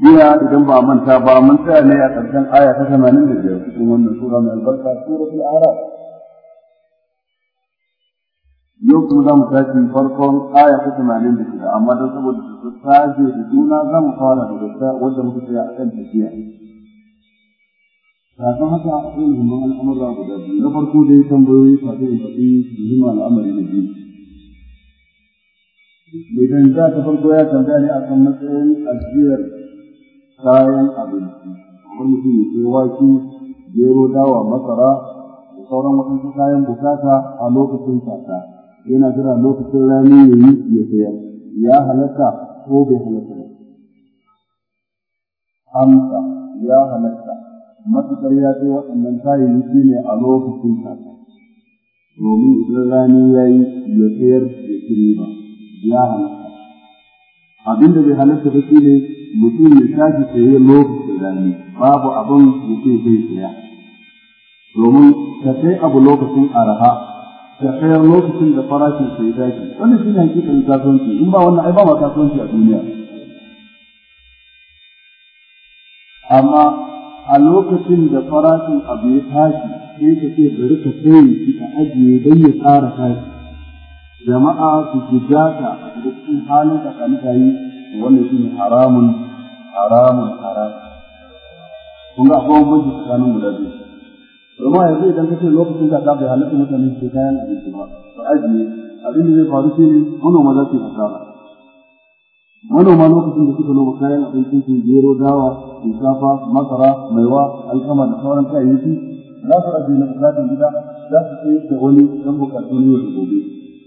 Jiya idan ba manta ba mun tsaya ne a ƙarshen aya ta tamanin da biyar cikin wannan sura mai albarka suratul araf. Yau kuma za mu tashi farkon aya ta tamanin da shida amma don saboda su saje da juna za mu fara da gaske wanda muka tsaya a kan tafiya. Kafin haka cikin muhimman al'amuran guda biyu na farko dai tambayoyi kafin in faɗi muhimman al'amari na biyu. idan za ta farko ya tambaya ne kan matsayin ajiyar kayan abinci kuma mutum ya ce wake gero dawa masara da sauran waɗansu kayan bukata a lokacin kaka yana jira lokacin rani ya yi ya sayar ya halatta ko bai halatta ba amsa ya halatta matuƙar ya ce waɗannan kayayyaki ne a lokacin kaka domin idan rani ya yi ya sayar ya kiri ba ya halatta abin da bai halatta ba ne mutum ya tashi tsaye lokacin rani babu abin ke zai saya. domin ka sai abu lokacin araha ka sayar lokacin da farashin sa ya dace wannan shine hakikan kasuwanci in ba wannan ai ba ma kasuwanci a duniya amma a lokacin da farashin abu ya tashi sai ka ce bari ka sayi shi ka ajiye don ya tsara tashi jama'a su kujata a cikin halin da kan tayi wannan shine haramun haramun haram kun ga akwai bambanci tsakanin guda biyu kuma yanzu idan kace lokacin da ka bai halatta mutane su kayan abinci ba su ajiye abin da zai faru shine manoma za su yi hasara manoma lokacin da suka noma kayan abincin su gero dawa shinkafa masara maiwa alkama da sauran kayayyaki za su ajiye na bukatun gida za su sayar da wani ɗan bukatu ne da gobe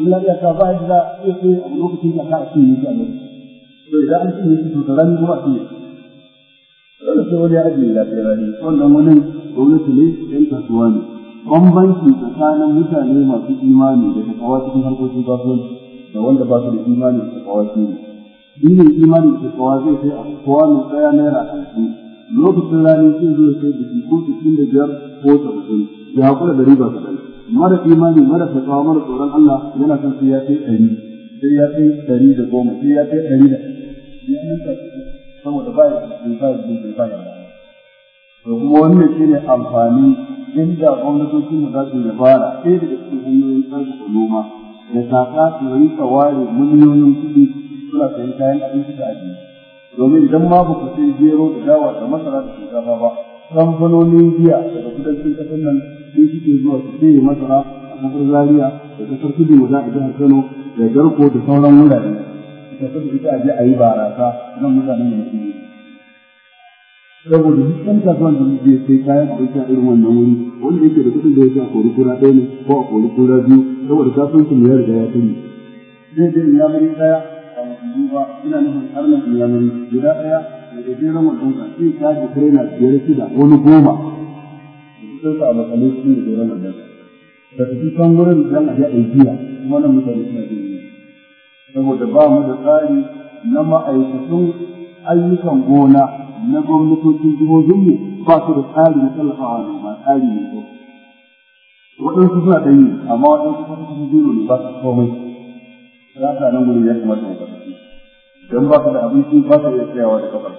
in ya iya ta ba ya da iya tsaye a lokacin da ka a cikin yake a lokacin to idan an cinye shi to da rani kuma a cinye dole sai wani ajiye lafiyar rani wannan wani gwamnati ne yan kasuwa ne bambanci tsakanin mutane masu imani da takawa cikin harkokin kasuwanci da wanda ba su da imani ne dinin imani da takawa a kowa ɗaya naira lokacin da ko da ya haƙura da mara imani mara fatawa mara tsoron Allah yana son sai ya fi ɗari sai ya fi ɗari da goma sai ya kai ɗari da saboda ba ya bai ba ya bai ba ya to kuma wannan ne amfani inda gwamnatoci da za su dabara ɗaya daga cikin hanyoyin da noma da saka su yi tsawari miliyoyin kuɗi suna sayan kayan abinci da abinci domin idan ma ba ku sai gero da dawa da masara da shinkafa ba kamfanonin giya daga kudancin ƙasar nan sun suke zuwa su sayi masara a kasar zaria da ƙasar kudu wajen a jihar kano da garko da sauran wurare da saboda ita a je a yi barasa nan mutane ne su yi saboda duk ɗan kasuwan da zai sai kayan abinci a irin wannan wuri wanda yake da kuɗin da ya a kori kura ɗaya ne ko a kori kura biyu saboda kasuwancin ya riga ya sani zai je ya mari ɗaya a wasu ba ina nufin har na ya mari guda ɗaya da gajeren wannan ka sai ka ji kare na biyar shida wani goma sun sa makalai su da goron wannan da su san wurin don a je a yi jiya kuma nan mutane suna jin saboda ba mu da tsari na ma'aikatun ayyukan gona na gwamnatocin jihohinmu ba su da tsari na tallafawa noma tsari mai kyau waɗansu suna da yi amma waɗansu kuma sun jiro ne ba su komai za ka nan gudu ya kamata mu kasance don ba ka da abinci ba ka iya tsayawa da kafar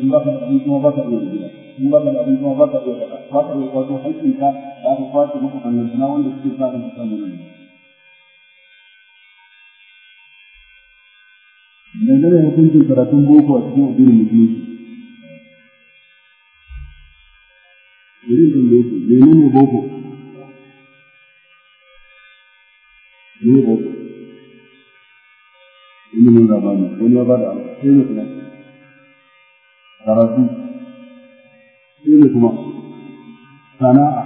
in ba ka da abinci kuma ba ka iya gida in ba ka da abin kuma ba ka ba hukuncin karatun boko a cikin addinin musulunci. Irin tambaye zai menene boko? Ne boko. Ilimin zamani. wani ya ba da abu, sai ne karatu. sai ne kuma sana'a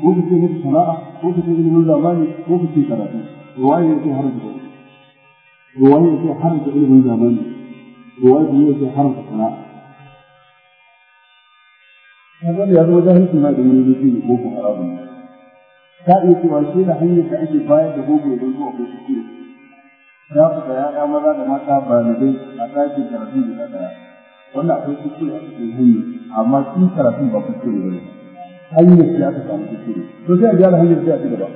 ko ku ce musu sana'a ko ku ce ilimin zamani ko ku ce karatu waye yake haramta waye yake haramta ilimin zamani waye yake da sana'a kaga da yazo jahilci na da wani rufi ko ko haramun ta iya cewa shi da hanyar da ake bayar da gogo don zuwa ko shi da ku da ya maza da mata ba na dai a tashi karatu da ta daya wannan akwai kuskure a cikin hanyi amma sun karatun ba kuskure da wani hanyar da aka samu kuskure to sai a gyara hanyar da aka gaba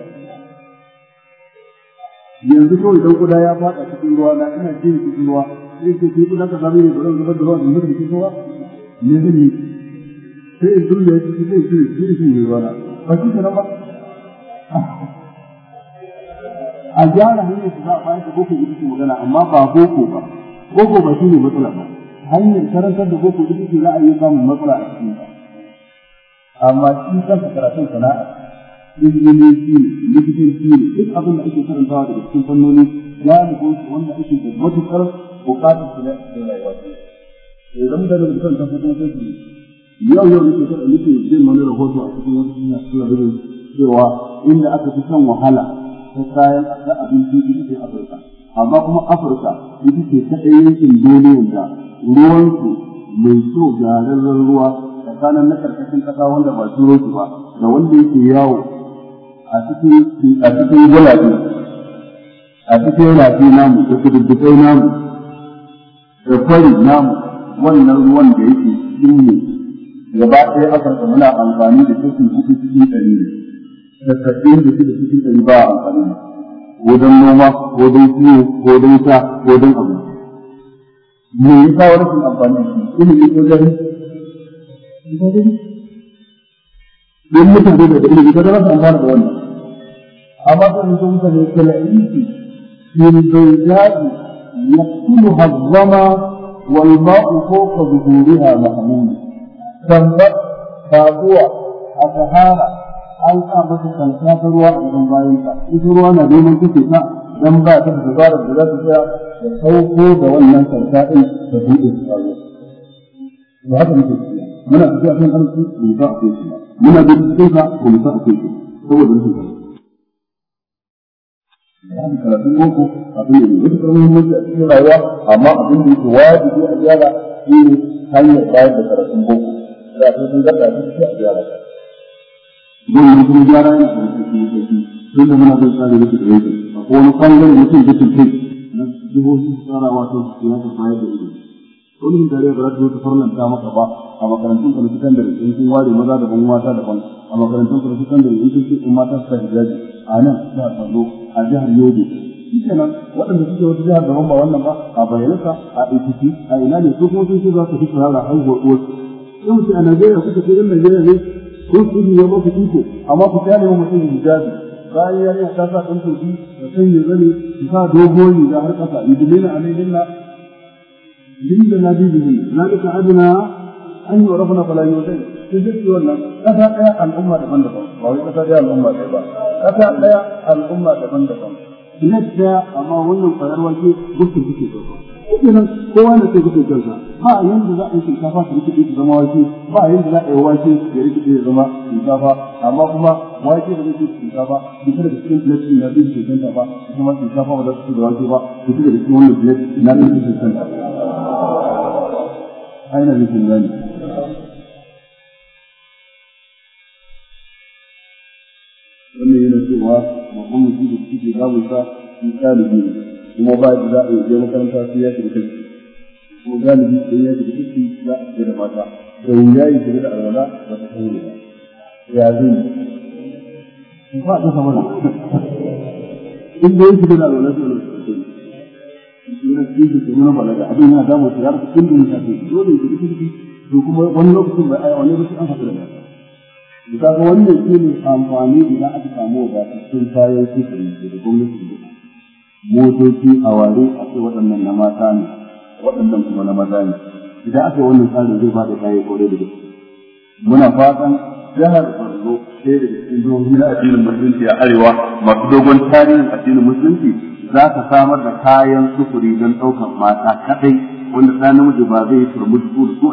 yanzu kawai dan kuda ya fada cikin ruwa na ina jin cikin ruwa sai ce ki kuda ka zama ne da zubar da ruwa da mutum cikin ruwa ne zan yi sai in dole ya zai sai zai ce yi ruwa na ba shi kenan ba a gyara hanyar da za a bayar da boko ita ce magana amma ba boko ba boko ba shi ne matsala ba hanyar karantar da boko duk ce za a yi samun matsala a cikin amma shi kansa karatun sana'a injiniyanci ne likitanci ne duk abin da ake karantawa daga cikin fannoni ya nufin su wanda ake da matukar bukatar su da rayuwa ce idan da da mutum kan fatan sai yau yau nake kada nake jin wani rahoto a cikin wani suna suna cewa inda aka fi shan wahala ta kayan abinci ita ce afirka amma kuma afirka ita ce kaɗai yankin duniya da ruwansu mai so gararren ruwa tsakanin na ƙarƙashin ƙasa wanda ba su su ba da wanda yake yawo a cikin gulaɗe a cikin rafi namu da kududdukai namu da fari namu wannan ruwan da yake cikin ne gaba ɗaya afirka muna amfani da cikin hudu cikin ɗari ne da cikin da cikin ɗari ba amfani ne wajen noma ko don kiwo ko don sha ko don abu me yasa wannan amfani shi ilimi ko jahilci don mutum zai da ilimi jari? zama da wannan amma ta zuwa mutane kala'iki min bayda'i yaqulu hazzama wal ma'u fawqa zuhuriha mahmud tambat babuwa a sahara an sa masa kanka ta ruwa a gaban bayan ta ita ruwa na neman kuke ta dan ba ta da dabarar da za ta tsaya sauko da wannan kanka din ta buɗe ta ruwa to haka muke muna tafiya kan arziki mu ba a kai muna da cikin ka ko mu ba a kai saboda rashin yani karatun boko abin da yake da muhimmanci a cikin rayuwa amma abin da yake wajibi a gyara shi ne hanyar bayar da karatun boko da sun gaba da shi a gyara domin kuma gyara yana da rikici ne shi tun da muna zai tsari da kuma yake a kowane bangare mutum da tun kai na jihohi tsara wato su ya ta bayar da ido wani dare ba za ta zo ta farlanta maka ba a makarantun kwanu sakandare in sun ware maza daban mata daban a makarantun kwanu sakandare in sun ce in mata su ta hijabi a nan za a tsaro a jihar yobe shi kenan waɗanda suke wata jihar daban ba wannan ba a bayyanka a ekiti a ina ne su kuma sun ce za su fi tsara haihuwar uwarsu yau ce a najeriya kuka ce yan najeriya ne kun su ne ba ku iko amma ku tsaya ne mutum hijabi bayan ya yi ta sa ɗan tobi da sai ya zane ki sa dogon riga har ƙasa in dilila alaihilla dilila na da na duka adina an yi wa rafana falayi wa zai sai zai ci wannan ƙasa ɗaya al'umma daban-daban ba wai ƙasa ɗaya al'umma ɗaya ba ƙasa ɗaya al'umma daban-daban ina ɗaya amma wannan fararwa ke gudun suke ɗauka kenan kowa na sai kuke kansa ba yanda za a yi shinkafa su rikide su zama wake ba yanda za a yi wake ya rikide ya zama shinkafa amma kuma wake da zai shinkafa kada da cikin plate na zai ke kanta ba kuma shinkafa ba za su da wake ba kada da cikin wannan plate na zai ke kanta aina zai kun gane wannan yana cewa babban mutum da suke damunsa misali ne kuma ba da za a yi je makaranta sai ya shiga kanki kuma galibi sai ya shiga kanki za a shiga da mata da wuya ya shiga da alwala ba ta san ne. ya zai yi ba ta da in da ya da alwala sai ya shiga shi na cikin shi kuma da abin yana damu shi har cikin dun ta ce dole ya shiga kanki to kuma wani lokacin ba a wani shi an haɗu da mata ga wannan shi ne amfani idan aka samu wadatattun kayan sufuri da gwamnati da motoci a ware a ce waɗannan na mata ne waɗannan kuma na maza ne idan aka yi wannan tsarin zai bada kayan kore da gaske muna fatan jihar Borno sai da cikin jihohin addinin musulunci a arewa masu dogon tarihin addinin musulunci za ka samar da kayan sufuri don ɗaukar mata kaɗai wanda ɗan namiji ba zai turmi su da su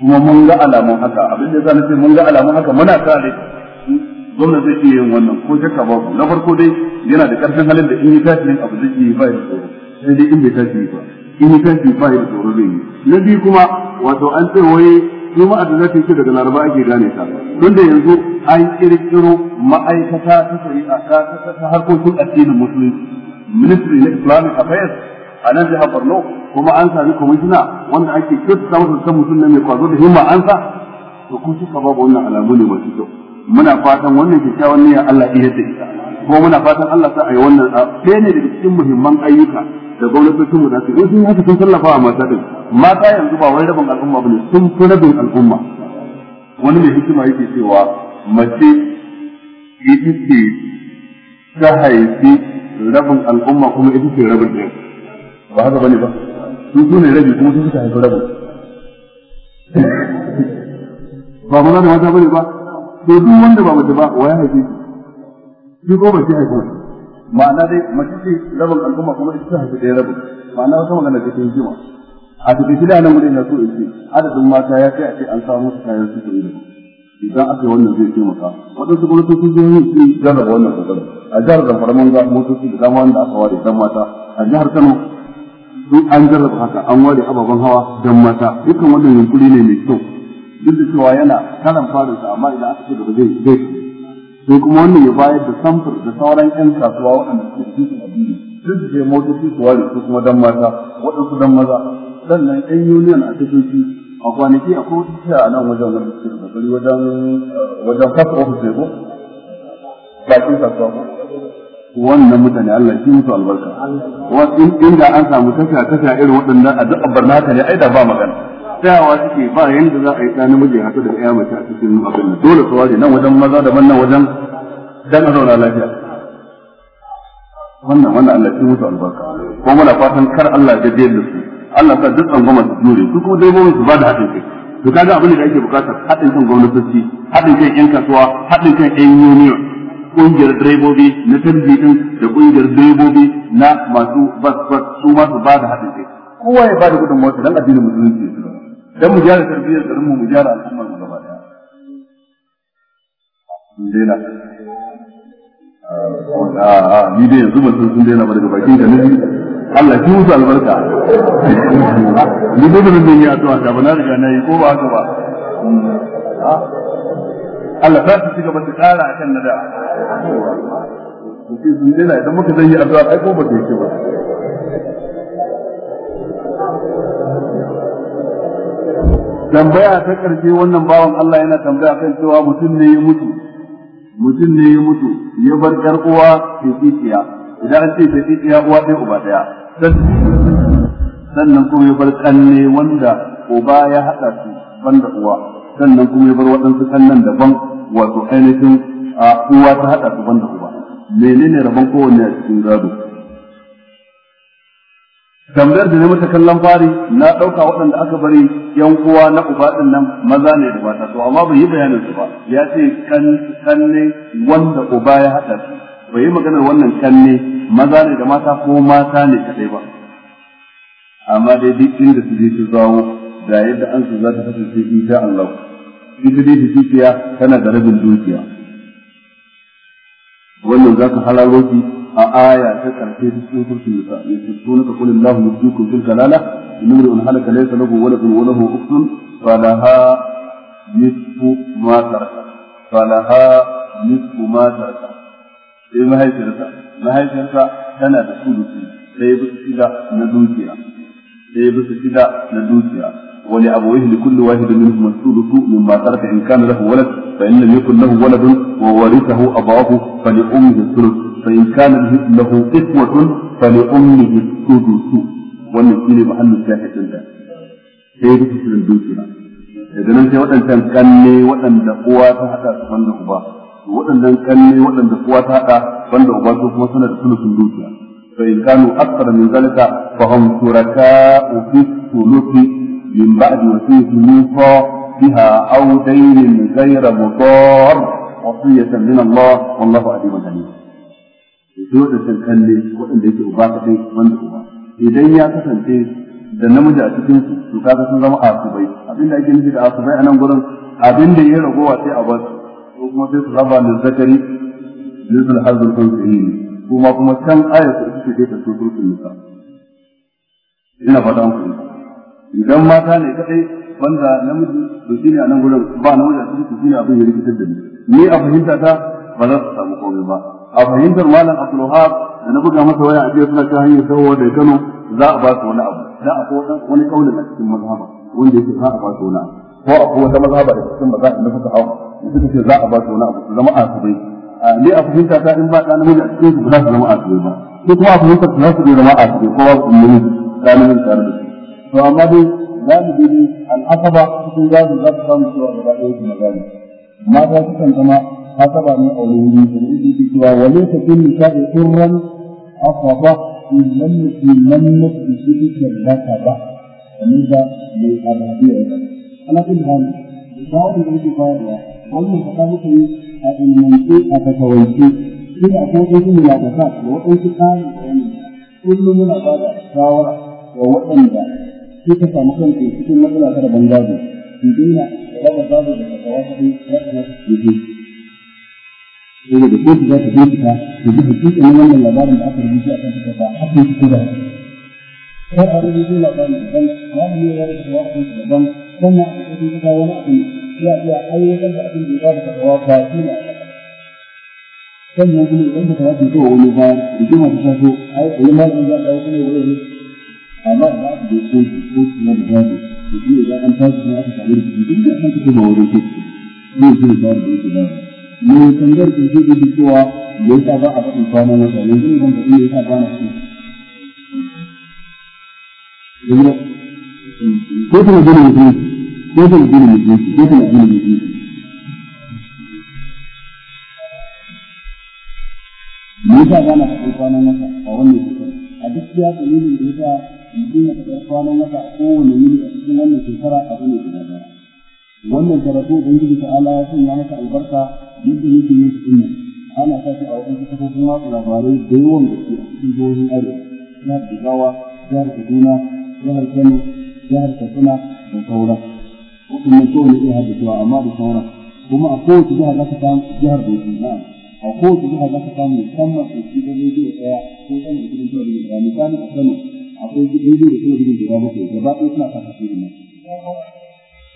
kuma mun ga alamun haka abin da za na ce mun ga alamun haka muna sa rai gwamnan zai iya yin wannan ko shakka babu na farko dai yana da karfin halin da in yi tasiri abu zai iya yi ba ya tsoro sai dai in bai yi ba in yi tasiri ba ya tsoro zai yi na biyu kuma wato an ce wai juma'a da za ta yi daga laraba ake gane ta don da yanzu an kirkiro ma'aikata ta shari'a ta ta harkokin addinin musulunci ministry na islamic affairs a nan jihar borno kuma an sami kwamishina wanda ake kirkira masa san mutum na mai kwazo da himma an sa to kun shi babu wannan alamu ne masu kyau muna fatan wannan kyakkyawan niyyar Allah iya da ita ko muna fatan Allah sa a yi wannan ɗaya ne daga cikin muhimman ayyuka da gwamnatocin mu za su yi sun haka sun tallafa wa mata din mata yanzu ba wai rabin al'umma bane sun fi rabin al'umma wani mai hikima yake cewa mace ita ce ta haifi rabin al'umma kuma ita ce rabin ɗaya ba haka bane ba sun su ne rabi kuma sun suka haifi rabin ba maza da mata bane ba to duk wanda ba mace ba wa ya haife shi shi ko ba shi haife shi ma'ana dai mace ce rabin al'umma kuma ita ta haife ɗaya rabin ma'ana wata magana ce ta hikima a ta cikin da nan wurin na so in ce adadin mata ya kai a ce an samu su kayan su da idan aka yi wannan zai taimaka waɗansu gwamnatoci sun yi su jarraba wannan kokarin a jihar zamfara mun ga motoci da dama wanda aka ware dan mata a jihar kano duk an jarraba haka an ware ababen hawa dan mata dukkan wannan yunkuri ne mai kyau duk da cewa yana karan fara sa amma idan aka ce da zai zai sai kuma wannan ya bayar da samfur da sauran yan kasuwa waɗanda suke cikin addini duk da motoci su ware su kuma dan mata waɗansu dan maza sannan yan union a tashoshi a kwanaki a kuma tiya a nan wajen wani suke kokari wajen wajen kasa ofis ne ko bakin kasuwa ko wannan mutane Allah shi musu albarka in inda an samu tasha tasha irin waɗannan a duk ne ai da ba magana tsayawa suke ba yadda za a yi tsanin namiji haka da ya mace a cikin abin da dole su waje nan wajen maza da wannan wajen dan a zauna lafiya wannan wannan Allah shi musu albarka ko muna fatan kar Allah ya jaddiyar da su Allah sa duk tsangoma su jure su kuma dai gwamnati ba da haɗin kai to kaga abin da ake bukata haɗin kan gwamnatoci haɗin kan ƴan kasuwa haɗin kan ƴan union ƙungiyar direbobi na tanzidin da ƙungiyar direbobi na masu bas bas su masu ba da haɗin kai kowa ya ba da gudun motsa dan addinin musulunci dan mu gyara tarbiyyar garin mu mu gyara al'ummar mu gaba daya dena ah, ah, ni dai yanzu ba sun daina ba daga bakin ka nabi Allah ki musu albarka ni dai ban ya to a ba na riga na yi ko ba haka ba Allah za su ci gaba kara akan nada sun daina idan muka zai yi addu'a ai ko ba ta yi ba tambaya ta karshe wannan bawan Allah yana tambaya kan cewa mutum ne ya mutu mutum ne ya mutu ya bar ƴar uwa ke titiya idan an ce ta titiya uwa ɗaya uba ɗaya sannan kuma ya bar ƙanne wanda uba ya haɗa su banda uwa sannan kuma ya bar waɗansu ƙannan daban wato ainihin uwa ta haɗa su da uba menene rabon kowanne a cikin gado tambayar da ne mata kallon fari na ɗauka waɗanda aka bari yan uwa na uba ɗin nan maza ne da mata to amma bai yi bayanin su ba ya ce kan kanne wanda uba ya haɗa shi bai yi maganar wannan kanne maza ne da mata ko mata ne kaɗai ba amma dai duk inda su je su zawo da yadda an su za ta kasance insha Allah ita dai dukiya tana da rabin dukiya wannan za ka halalo shi آية تتعطي في سورة النساء يسرطونك قل الله يبديكم تلك لالة لمرء هلك ليس له ولد وله أخت فلها نصف ما ترك فلها نصف ما ترك إيه ما هي ترك ما هي ترك تنا تقول في سيب السيدة إيه ندوتيا إيه سيب السيدة ندوتيا ولأبويه لكل واحد منهم السلطة مما ترك إن كان له ولد فإن لم يكن له ولد وورثه أباه فلأمه الثلث فإن كان له إسوة فلأمه السدس ونسيني محمد ساحة الله سيد كسر البيتنا إذا ننسى وأن تنكني وأن دقوة حتى تفند بها. وأن تنكني وأن دقوة حتى تفند أخبا سوف وصل رسول سندوسيا فإن كانوا أكثر من ذلك فهم شركاء في الثلث من بعد وسيلة موسى بها أو دين غير مضار وصية من الله والله عليم الحليم shi wadancan kalle waɗanda yake uba kaɗai wanda uba idan ya kasance da namiji a cikin su kaga sun zama asubai abinda ake nufi da asubai a nan gurin abinda ya ragowa sai a bar ko kuma sai su raba da zakari zizul hazul kunsihin kuma kuma can ayatu ita ce ta sutur nisa ina fata muku idan mata ne kadai banda namiji to ne a nan gurin ba namiji a cikin su shine abin ya rikitar da ni ni a fahimta ta ba za su samu komai ba a fahimtar malam abdulwahab da na buga masa waya a jiya suna ta hanyar sauwa da kano za a ba su wani abu da a wani kaulin a cikin mazhaba wanda yake za a ba su wani abu ko a ko wata mazhaba da cikin maza da suka hawa da suka ce za a ba su wani abu su zama a su bai ne a fahimta ta in ba ɗan namiji a cikin su ba za su zama a su bai ba ko kuma a fahimtar su za su zama a su bai kowa su yi ɗan namiji tare da su to amma dai mu bi al'asaba cikin gadi za su samu cewa gaba ɗaya su magana mata sukan zama hasaba ne a wurin da yake cewa wale ta kin sha'i turran afaba in man in man bi shi ke laka ba kamar da mai arabiya ba ana kin hali da wani da yake bayarwa wannan da kawo kai a ilmance a takawance ina akwai wasu mulakasa da waɗansu kayan bayani kullum muna ba da shawara wa waɗanda suka samu kansu cikin matsala ta da bangazo su daina raba babu da kasawa kaɗai ya kamata su sai da kotu za ta bincika da duk hakika na wannan labarin da aka rubuta a kan takarda haka ne ko da ko a rubuta labarin da ban wani ne ya rubuta wasu da ban kuma a cikin da wani abu ya ya ayyukan da abin da ya ba da kawo shi ne sannan kuma idan ka kawo ko wani ba rigima ta taso ai ko malamin za ka kawo kuma wani amma ba da ko ko ne da ba shi ne da an tashi aka samu duk da kan ba wani ke ne zai ba da yake ba mai tambayar da shi da cewa da yasa ba a faɗin kwana na tsaro yanzu ban da yasa ba na shi ko kuma gina mutum ko kuma gina mutum ko kuma gina mutum me yasa ba na faɗin kwana na a wannan shekara a gaskiya dalilin da yasa mutum na faɗin kwana na a kowane yini a cikin wannan shekara abu ne guda ɗaya wannan karatu ubangiji ta'ala ya sanya masa albarka yadda yake yin su ana sa su a wajen kafofin watsa labarai da yawan da ke cikin jihohin arewa jihar jigawa jihar kaduna jihar kano jihar katsina da sauran waɗannan kowane iya haddacewa amma da sauran kuma a kowace jihar za ka samu jihar bauchi na a kowace jihar za ka samu musamman a cikin rediyo ɗaya ko ɗan da gidan talabijin ɗaya misali a kano akwai rediyo da talabijin guda bakwai gaba ɗaya suna kasa shirin nan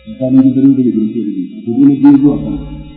misalin gidan rediyo da gidan talabijin to dole biyu zuwa kano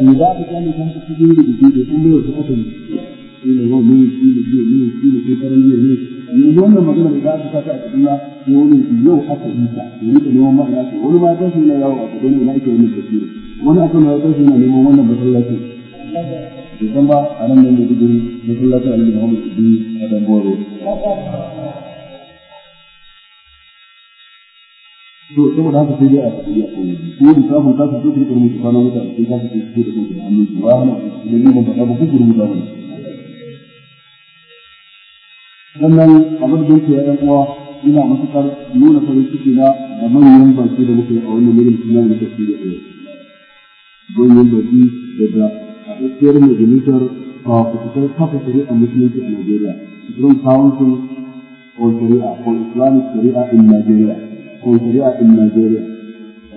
in za ka kan ka da da ne ne ne wannan magana da za ka sa a kaduna yau yi ce wani ma yana a kaduna ina ake wani tafiya wani akan neman wannan ba a nan ne da gudun masallacin alibi to saboda haka sai dai a tafiya ko ne ko da sabon ta fito da ta kana mutane sai da kanka da amma ba da ni ban ba ku gurbu da wani sannan abin da yake ya uwa ina matukar nuna farin ciki na da manyan baki da muke a wannan wurin suna da tafi da ɗaya manyan baki daga a tsakiyar majalisar a kusurkar kafa shari'a musulunci a Najeriya, Supreme Council for Sharia for Islamic Sharia in Najeriya. ko shari'a in Najeriya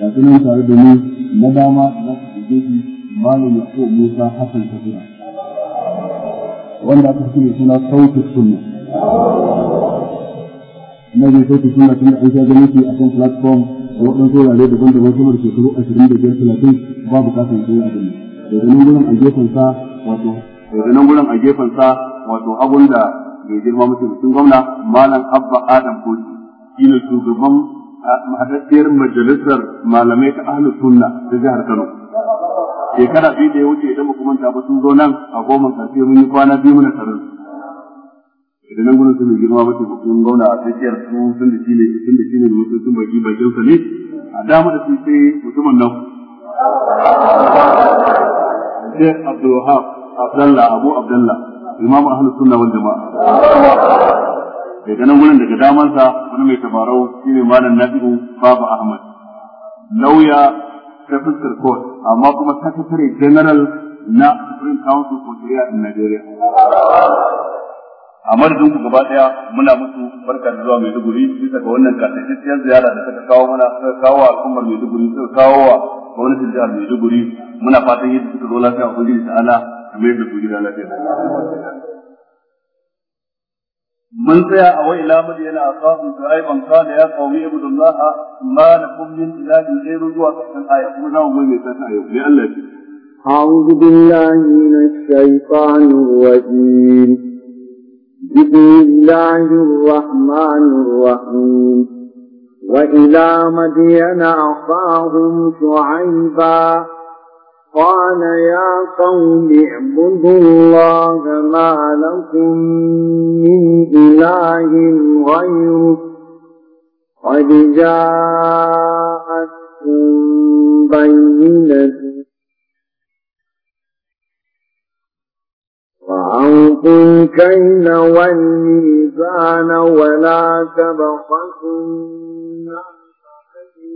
ga sunan tare da mu na dama za su shige shi malam Yakubu Musa Hassan Kabira wanda aka fi suna sautin sunna na zai sautin sunna tun da an sha ganin a kan platform da waɗansu wurare daban-daban sama da shekaru ashirin da biyar talatin babu kasan shari'a da mu daga nan gurin a gefen sa wato daga nan gurin a gefen sa wato abun da mai girma mutum gwamna malam abba adam koji shi ne shugaban haɗaɗɗiyar majalisar malamai ta ahlus sunna ta jihar Kano. Shekara biyu da ya wuce idan ba kuma ba sun zo nan a goma karfe mun yi kwana biyu muna tarin. Idan nan gudun su mai girma ba ce ba kun gauna a tsakiyar su sun da shi ne sun da shi ne mutum sun baki bakin sa ne a dama da su sai mutumin nan. Sheikh Abdulwahab Wahab Abdullah Abu Abdullah Imam Ahlus Sunna wal Jama'a. daga nan wurin daga damansa wani mai tabarau shine malam nafi'u baba ahmad lauya ta fuskar court amma kuma sakatare general na supreme council for sharia in nigeria a madadin ku gaba daya muna musu barka da zuwa maiduguri bisa ga wannan kasashen ziyara da suka kawo mana suka kawo wa al'ummar maiduguri suka kawo wa gwamnatin jihar maiduguri muna fatan yadda suka zo lafiya ubangiji ta'ala kamar yadda ku gida lafiya من سيا أو إلى مدين أخاهم شعيبا قال يا قوم اعبدوا الله ما لكم من إله غيره وتحت الآية قلنا ومن يتحت الآية لألا أعوذ بالله من الشيطان الرجيم بسم الله الرحمن الرحيم وإلى مدين أخاهم شعيبا قال يا قوم اعبدوا الله ما لكم من إله غيره قد جاءتكم بينة وأوقوا الكيل والميزان ولا تبخسوا الناس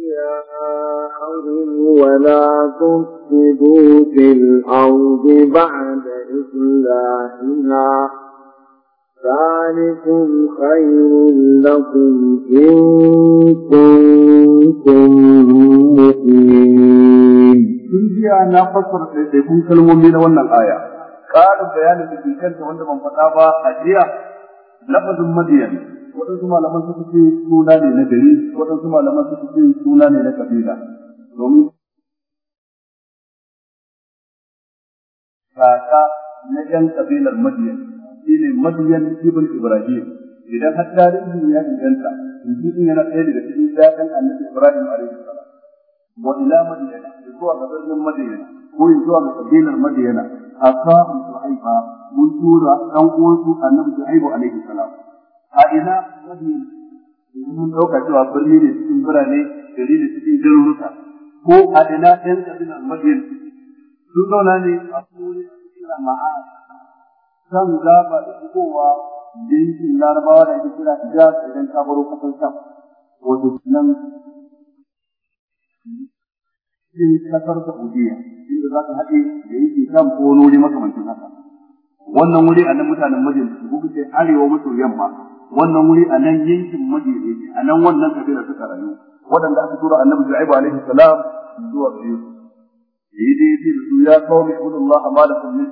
أولياءهم ولا تفسدوا في الأرض بعد إصلاحها ذلكم خير لكم إن كنتم مؤمنين. Kungiya na fassara ɗaiɗaikun kalmomi na wannan aya, ƙarin bayanin da ke kanta wanda ban faɗa ba a jiya, lafazin madiyan waɗansu malaman suka ce suna ne na gari waɗansu malaman suka ce suna ne na kabila domin kaka na yan kabilar madiyan shi ne madiyan ibn ibrahim idan har tarihin ya inganta shi yana ɗaya daga cikin daɗin annabi ibrahim alaihi salam wa ila madiyana zuwa ga birnin madiyana ko zuwa ga kabilar madiyana a samun su'aifa mun tura ɗan uwansu annabi su'aibu alaihi salam a ina mafi mun ɗauka cewa birni ne cikin birane gari ne cikin garuruka ko a ina ɗan ƙabilar madiyar sun zauna ne a kuma kira ma'a san gaba da fitowa yankin larabawa da ake kira hijaz idan ka baro kasar sham wato nan cikin kasar saudiya inda za ka haɗe da yake sham ko wani wuri makamancin haka wannan wuri a nan mutanen madiyar su kuka ce arewa maso yamma wannan wuri a nan yankin madina ne a nan wannan kabila suka rayu waɗanda aka tura annabi shu'aib alaihi salam zuwa gare su yi dai da su ya kawo mai kudin Allah ma da kuma yin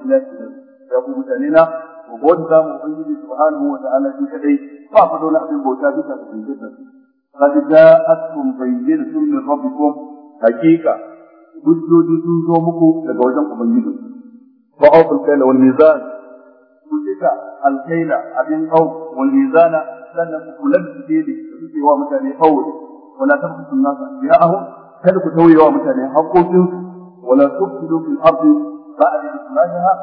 ya ku mutane na ko bauta za mu ubangiji subhanahu wa ta'ala shi kadai ba fa dole abin bauta bisa da tunjin da su qad ja'atkum bayyinatun min rabbikum hakika hujjoji sun zo muku daga wajen ubangiji fa'atul kayla wani mizan وجد الكيل أبي القوم والميزان لأنه لم تجد تبقي ومتاني حول ولا تبقي الناس أنبياءهم تلك توي ومتاني حقوق ولا تبقي في الأرض بعد إسلامها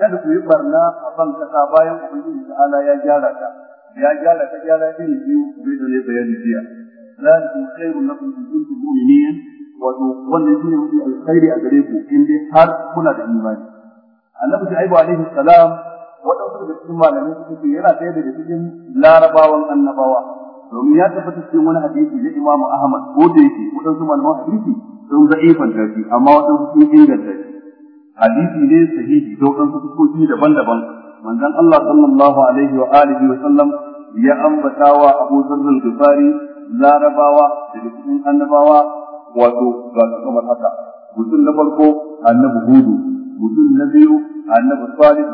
تلك يبرنا أصنك تابايا وقلت تعالى يا جالك يا جالك يا لديه بيد بيان فيها ذلك خير لكم إن كنتم مؤمنين والذين يؤدي الخير أدريكم إن دي حال كنا بإيمان النبي عليه السلام waɗansu daga cikin malamai suka ce yana ɗaya daga cikin larabawan annabawa domin ya tabbata cikin wani hadisi na imamu ahmad ko da yake waɗansu malaman hadisi sun ga ifan shi amma waɗansu sun inganta shi hadisi ne sahihi da waɗansu fuskoki daban-daban manzon Allah sallallahu alaihi wa alihi wa sallam ya ambata wa Abu Dharr al larabawa daga cikin annabawa wato ga kamar haka mutum na farko annabi Hudu mutum na biyu annabi Salihu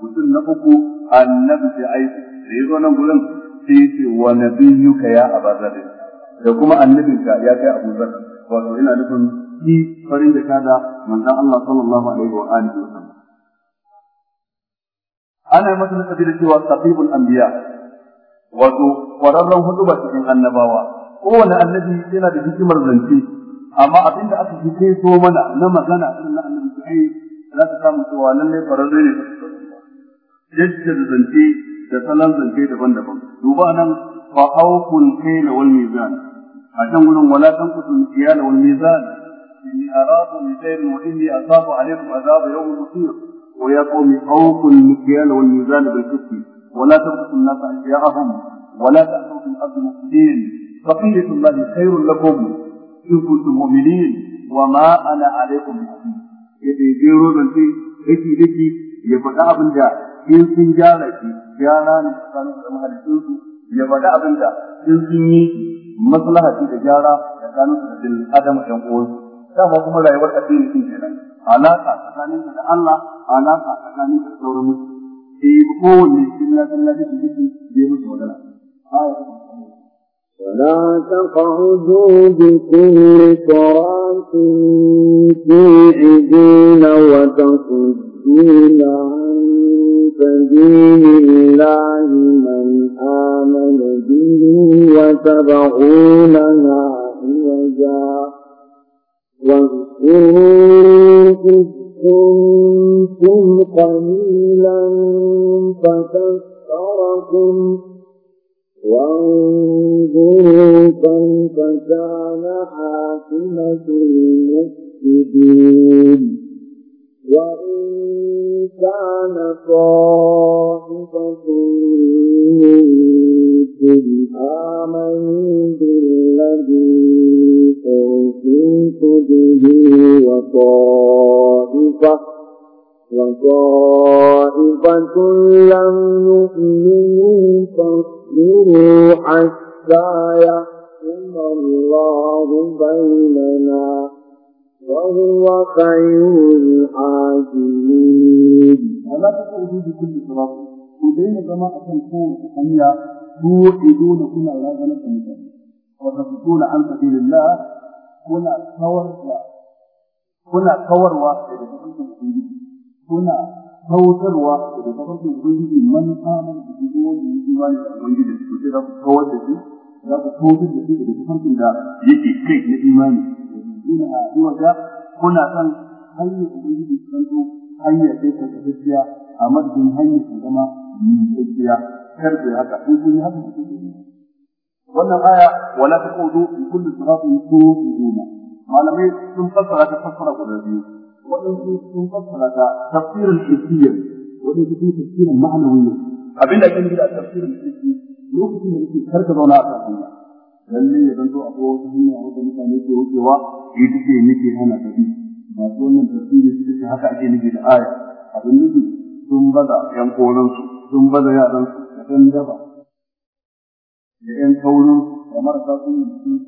mutum na uku annabi sai aiki da ya zo nan gurin sai ce wa ka ya abazar da kuma annabinka ya kai abu zar wato ina nufin shi farin da kada manzon Allah sallallahu alaihi wa alihi wa sallam ana masa nasabi da cewa saqibul anbiya wato kwararren hutuba cikin annabawa kowane annabi yana da hikimar zance amma abinda aka fi kai so mana na magana irin na annabi sai za ka samu cewa lallai kwararre ne jaddada zance da salon zance daban-daban duba nan fa aukul kayla wal mizan a can gurin wala tanqutul kiyala wal mizan inni aradu li khairin wa inni asafu a zaba, yawm mutir wa ya qawmi aukul kiyala wal mizan bil qist ولا تبخسوا الناس أشياءهم ولا تأتوا في الأرض مفسدين بقية الله خير لكم إن كنتم مؤمنين وما أنا عليكم بحفيظ يتجيرون من شيء لكي لكي ya faɗa abin da in sun gyara shi gyara ne tsakanin da ya faɗi abin da in sun yi maslahati da gyara tsakanin su da bin adam ɗan uwansu dama kuma rayuwar shi kenan tsakanin da Allah tsakanin da sauran eh kowanne cikin lafiyar lafiyar da yake da تقعدوا بكل صراط وتصدون سبيل الله من آمن به وتبعونها عوجا واذكروا إذ كنتم قليلا فكثركم وانظروا كيف كان عاقبة المفسدين وإن كان طائفة منكم آمنوا بالذي أرسلت به وطائفة وطائفة لم يؤمنوا فاصبروا حتى يحكم الله بيننا وهو خير الحاكمين ولا تقعدوا بكل صراط ودين كما أتنكون أنيا توعدون كل على ذلك المثال وتصدون عن سبيل الله كنا كور كنا كور واحد كنا kautarwa da tafarkin ubangiji man samun da shi kuma da shi ma da ubangiji da shi za ku kawar shi za ku kautar da shi da da yake kai na imani منها دوجا كنا كان هي تجيب كنتو هي تيتا تجيبيا أمد من هي تجمع من تجيبيا كرب هذا كل هذا كل غاية ولا تقودوا بكل صراط يكونوا في دونه ما لم ينفصل تفصل قدرتي وإن ينفصل تفصيل الحسية وإن تكون تفصيلا معنويا أبدا كان بلا تفصيل الحسية يمكن أن تكون تركض ولا تفصيلا lalle ya zanto a wata hanya wata mutane ke wucewa ita ce nake hana tafi masu wannan tafsiri suka ce haka ake nufi da aya abin nufi sun baza yan koransu sun baza yaransu da kan daba da ‘yan kaunin da marasa sun yi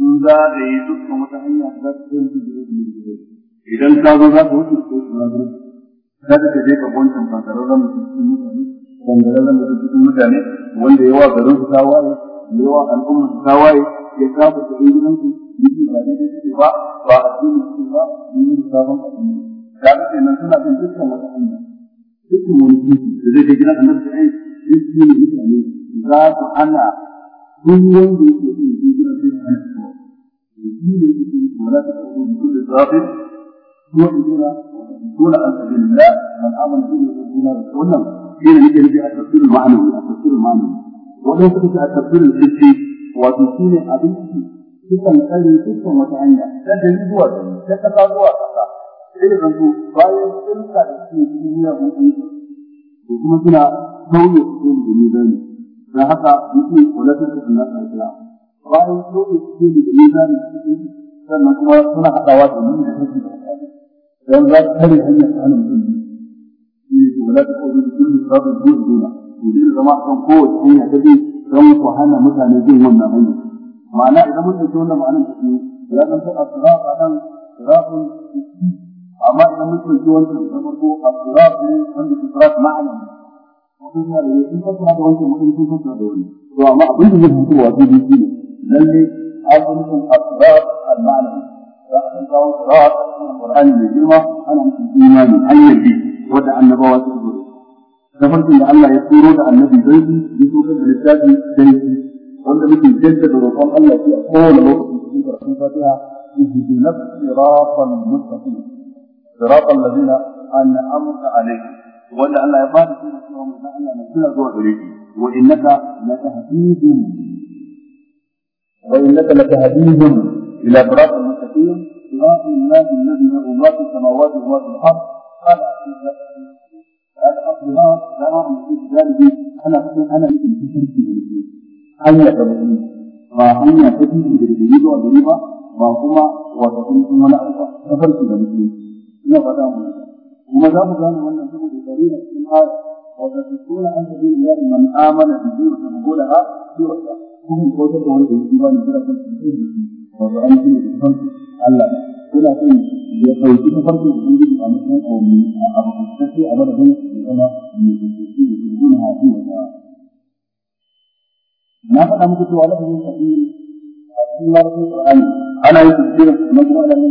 sun za da yi dukkan wata hanya da za su kai su gire gire idan ka zo za ka wuce ko su zuwa za ka ce ka wancan fantararren mutum cikin mutane fantararren mutum cikin mutane wanda yawa garin su ta waye da yawa al'ummar ta waye ya kafa da ilimin su yi ba da yake ba ba a cikin su ba yi da sabon addini da haka nan suna kan dukkan wata hanya dukkan wani kiki da zai gina annabi sai duk ne mutane za su ana duk wanda yake so ya gina sai ya shi ne yake so ya mala ta da duk da zafin ko in jira dole an sabilla man amana bi da wannan shi ne nake nufi a tafsirin ma'anawi a tafsirin ma'anawi wannan suka ce a tafsirin sirri wato abin ciki sukan tsare dukkan wata hanya ta dari zuwa dari ta kasa zuwa kasa sai da zo bayan sun da su duniya mun yi to kuma suna sauye su da mizani dan haka mutum kula ta su na tsara bayan sauye su da mizani sannan kuma suna hadawa da mun da su dan za su tare hanyar tsarin mutum ne to wala ta kawai da kullu sabu dole ku dinga zama kan kowace hanya ta bi don ku hana mutane bin wannan hanya ma'ana idan mun ɗauki wannan ma'anar ta biyu ya zan san asirat a nan siratun amma idan mun ɗauki wancan ta farko asirat ne wanda ke sirat ma'ana mutum ya da yake kasa da wancan mutum sun kasa da wani to amma abin da zai fitowa sai dai shi ne lalle an san san al-ma'ana za a san kawo sirat a cikin Qur'ani mai girma ana mutum mai hanyar bi wadda annabawa suka tafarkin da Allah ya turo da annabi zai ya turo da littafi zai wanda muke jaddada roƙon Allah shi a kowane lokaci cikin karatun Fatiha ihdina siratal mustaqim siratal ladina an'amta alaihim wanda Allah ya ba da shi cewa mun Allah ne kira zuwa gare shi wa innaka la tahdidun wa innaka la tahdidun ila siratal mustaqim siratal ladina an'amta alaihim wa innaka la tahdidun ila siratal mustaqim siratal ladina an'amta alaihim hanya da mutum ba hanya ta fi da gari zuwa gari ba kuma wata kun kuma na abu ta farki da mutum ina ba damu kuma za mu gane wannan saboda gari na cikin hali wata su tona an ya yi man amana da mu gola ha zuwa ta kuma ko ta da wani gari ba ne zira kan su zuwa ba za a yi da su kan Allah ne ina son ya ɗauki ta farko da ɗangin a matsayin ƙauni a bakasashe a madadin ya zama mai kusurci da kusurci hafi da ta. Na faɗa muku cewa lafazin kaɗi a cikin larabcin Ƙur'ani ana yin tafsirin na kuma da ne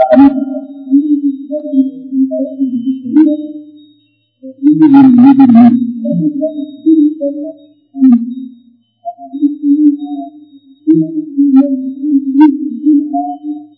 a aminci. Thank you.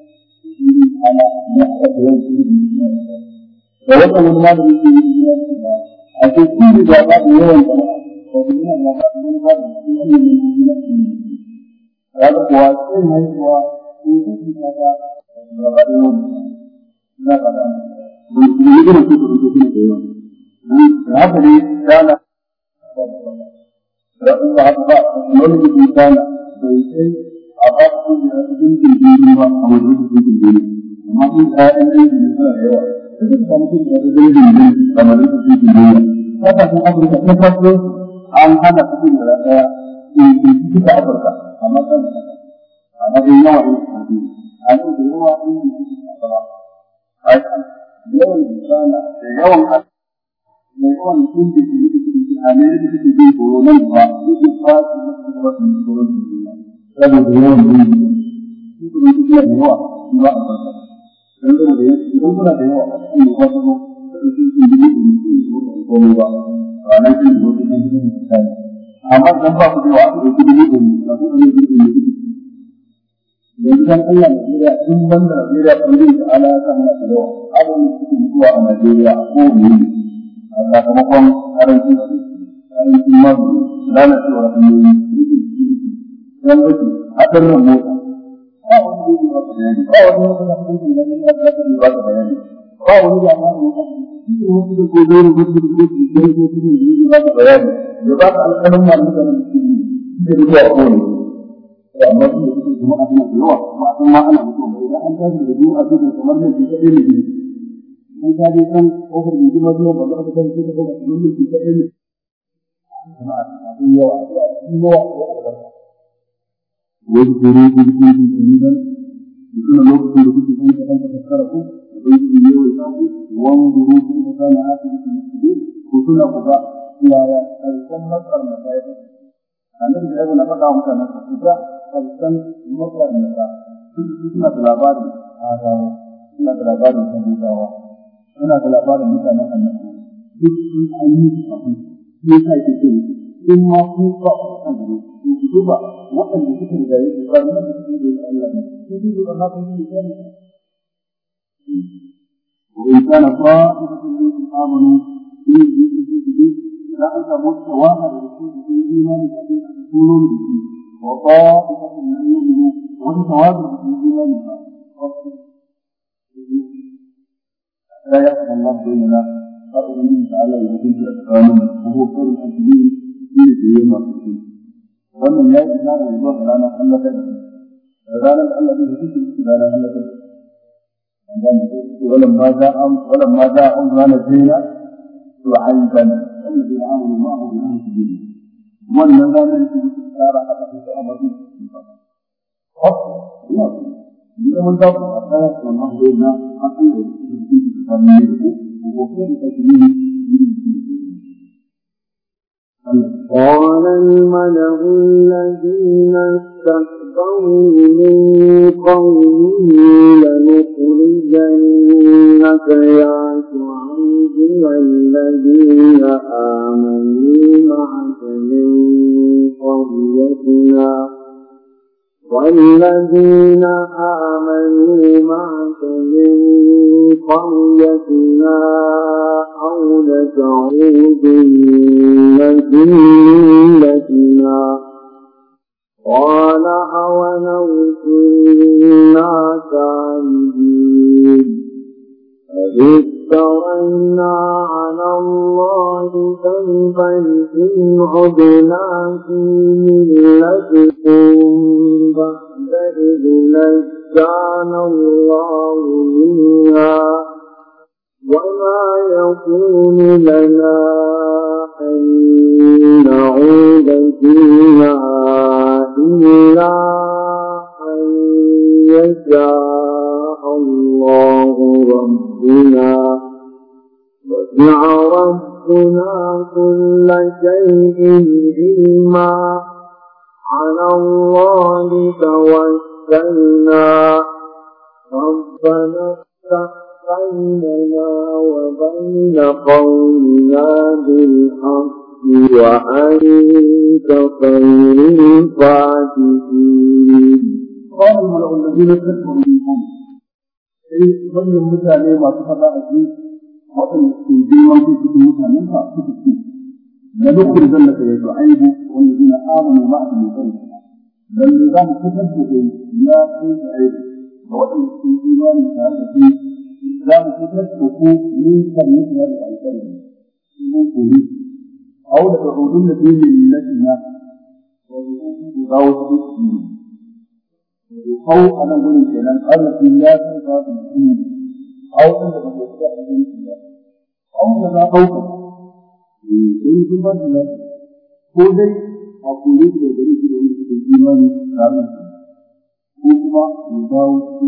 da wata wani ma da yake yi a ce shi da ba da yawan da wani ba da ba da shi ne ne ne ya ga kuwa sai mai kuwa ko ka ga da ba da yawan na ba da ne ne ne ko ko ko ne da yawan da haka ne da na da ba ba wani a ba su sun da su sun a wajen su sun jin jini amma sun da ƴaƴan Kuma da suna da da a matsayin yi yawan jin saboda yawan yin shi kuma duk da yawa ba a san idan kuna yawa a cikin ba su ko da shi shi ba da da a a dan aiki a ɗarnan mota ba wani da ba bayani ba wani da ba bayani ba wani da ba bayani ba wani da ba bayani wani da ko da ko da ko da ko da ko da bayani da ma da da da ya ko ne da amma da kuma an yi yawa kuma an ma ana wani da an tashi da duk a cikin kamar da ke kaɗai ne an ta je kan kofar da da da da da da واذكروا إن كنتم جنوبا وكل الوقت اللي كنت فيه فكان تذكركم وبيت إليه ويتعبوا وانظروا كيف كان عاقبة المسلمين وكل قضاء إلى أرسل ya المشايخ annabi da yazo na faɗa wa mutanen sa su ga karshen makar nasa suna da labarin arawa suna da labarin sabudawa suna da labarin mutanen annabi duk da an yi su kafin sun sa ke ce in ma ba ku san gudu ku duba وقت بذكر ذلك قد ما تفيد الألم تفيد الألم من ذلك وإن كان طائفة منهم آمنوا في الدين في ذكره لأن مستواها الرسول في الإيمان الذين يقولون به وطائفة لم يؤمنوا وتتواجد في إيمانها لا يحكم الله بيننا قال الله تعالى يهدي أتقانا وهو خير الحاكمين في الدنيا والآخرة ومن لا يجنا ويجوه لنا حملة تجري فذانا الأمل به في سبحانه حملة تجري ولما جاءهم ولما جاءهم ما نسينا شعيبا الذين امنوا معه بهم سبيلا ومن لا يملك النار حتى في امره من ذلك أخذت والله بإذنه أخذت في الكتاب من يده وفي تجميل من قال الملأ الذين استكبروا من قومه لنخرجنك يا شعيب والذين آمنوا معك من قريتنا والذين آمنوا معك من قريتنا تدعون تعودن في ملتنا قال أولو كنا كاذبين أذ افترينا على الله كذبا إن عدنا في ملتكم بعد إذ نجانا الله منها وما يكون لنا أن نعود فيها إلا أن يشاء الله ربنا وسع ربنا كل شيء علما على الله توكلنا ربنا افتح بيننا قولنا بالحق وأنت خير الفاتحين قال الملأ الذين كفروا من قوم أي رجل مثالي ما تفضل أجيب وأن الدين وأنت مثالي فأخذ لنخرج لك يا شعيب والذين آمنوا معك من قومك لن نظام كفر يا شعيب وأن الدين وأنت za mu fitar da ku min sannan da alƙalmi mun kuri au da rubutun da dole ne na dina ku wasu su ku ku hau ana gurin kenan arziki ya san ka ku ku au da ba ku da alƙalmi ba au da na dauka eh, in kun ba ko dai a kuri da gari da imani kafin ko kuma mu dawo su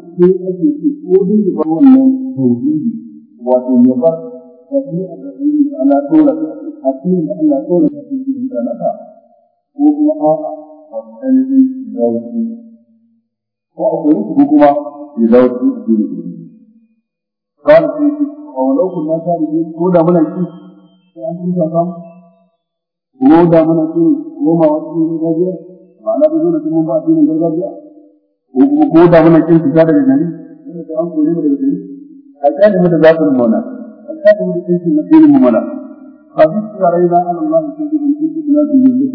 sai ake ce ko duk da wannan tauhidi wato ya bar tabi'a da Allah ta'ala tora hakimin da ta cikin ranaka ko kuma a wato ainihin ko a koyi ko kuma ya dauki cikin sai na ko da muna ci sai an ko da muna ci ko ma wasu ne gaje ma'ana da gargajiya ko da muna kin fita da daga a kan mu da zafin a kan mu da kin na ilimin mauna fa bi tsare da an Allah ke da kin da da da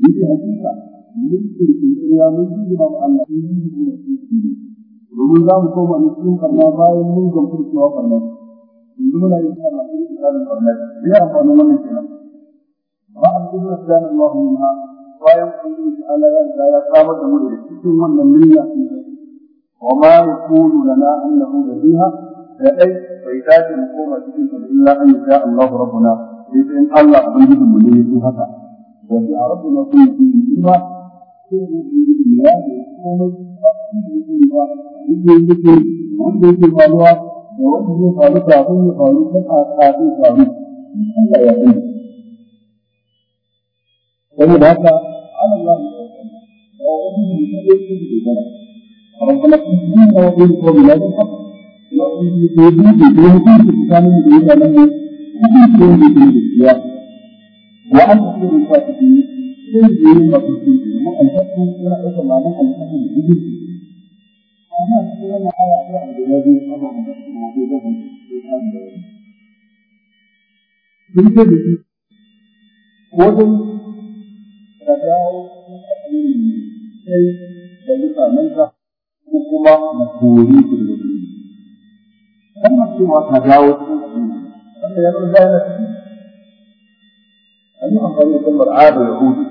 shi ta, hakika mun kirkin ya mun ji da Allah ne ne ne domin za mu koma ne cikin karna bayan mun gamsu da cewa karna yanzu muna yin karna da karna ya amfani wannan kenan ba a cikin da Allah mun ha bayan ubangiji ta ala ya riga ya samar da mu da cikin wannan niyya wa ma yakunu lana an nahura biha da ɗai bai dace mu koma cikin ta illa an yasha Allahu rabbuna sai Allah ubangiji mu ne yake haka wa ya rabbuna kun fi ba sai mu yi ya da komai ba shi ne ba yake yake wanda yake faruwa da wanda zai faru kafin ya faru kan a kafin faru Allah ya sani saboda haka على الله وأعطيه من يكون بالبلد ربنا يسلمنا وبين قول لا يحق وأن يجيبوا بدون كل إنسان يريد أنه يكون بدون اختيار وأن تكون الفاتحين كل يوم مقصود وأن تكون قراءة معنى أن تكون بدون وأنا أقول أن على أحياء الذين أمرهم وجودهم في هذا البلد. ka dawo a cikin sai da mutanenka ko kuma na kori su da su kana cewa ka dawo cikin wannan ya zama da an yi amfani da kalmar ada ya hudu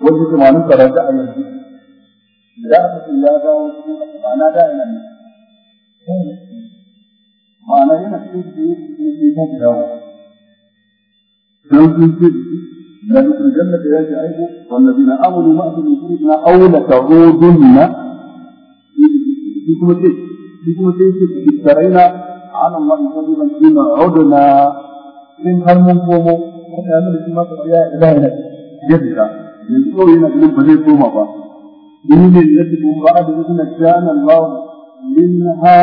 wanda ke manin karanta a yanzu da aka ce ya dawo cikin ma'ana da yana ne ma'ana yana cikin da ya ke dawo don ce da لا نخرجن يا شعيب والذين امنوا معه من شركنا او لتعودن في كما تي في كما تي افترينا على الله كذبا ان عدنا in har mun komo wanda ya nuna kuma ya da yana ya fita yanzu kawai yana ganin ba zai koma ba in ne da su kuma ba da kuma kana Allah minha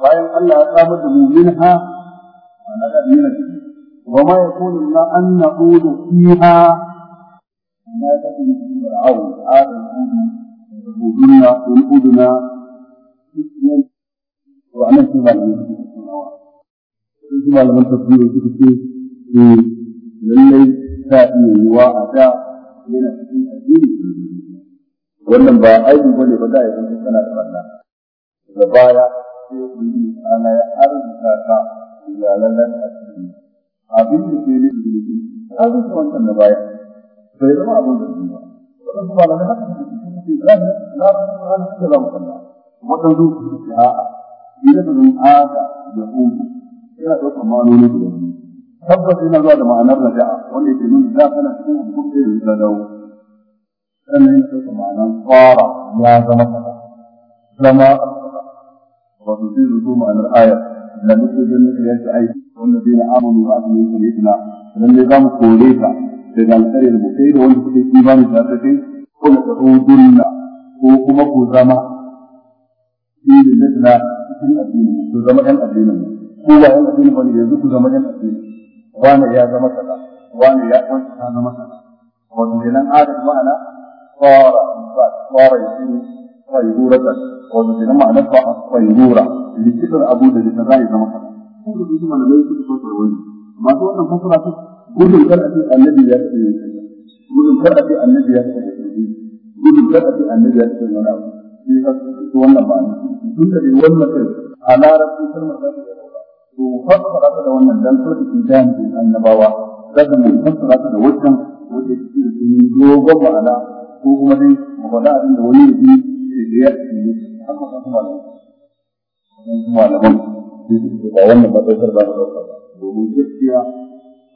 bayan Allah ya samar da mu minha وما يكون إلا أن نقول فيها ما تكون في فرعون عاد الأذن والأذن وأنا في مالي في من تفسير في lallai ta iya yiwa a da yana cikin addini wannan ba aibu bane ba da yanzu kana da wannan daga baya sai ubangiji ta'ala ya arzuta ka ya lalan abin da ke ne da yake tsarin da wancan na baya bai zama abin da ba wannan kuma da haka ne ke da na na ran da ba mu kana wannan duk ya ina da mun aka da umu ina da kuma ne da tabbata ina zuwa da ma'anar raja'a wanda yake nuna da kana cikin hukunci da dawo sannan ina da ma'anar fara ya zama kaza zama wato zai zo ma'anar aya da nufin da yake aiki والذين آمنوا وعملوا صالحنا فلن يقام قوليك daga alƙaryar mu sai da wanda suke imani da ta kai ko na tsaro dunna ko kuma ku zama irin na suna cikin addini zama ɗan addini mu ba ɗan addini ba ne yanzu ku zama ɗan addini wani ya zama kaza wani ya wani ta zama kaza wato kenan adad ma'ana tsara tsara yasiru fayyuratan wato kenan ma'ana fayyura likitar abu da likitar zama kaza ko da kuma wani masu wannan fasara gudun kar a ce annabi ya ce gudun kar a ce annabi ya ce gudun kar a ce annabi ya ce wani abu sai ka ce wannan ma'ana tun da wannan kai a larabci da to fasara ta da wannan dan da kidan din annabawa kada mu fasara ta da wannan wanda yake da dogon ma'ana ko kuma dai mu faɗa abin da wani yake da ya ce kuma da wannan matsayin ba da ba domin gaskiya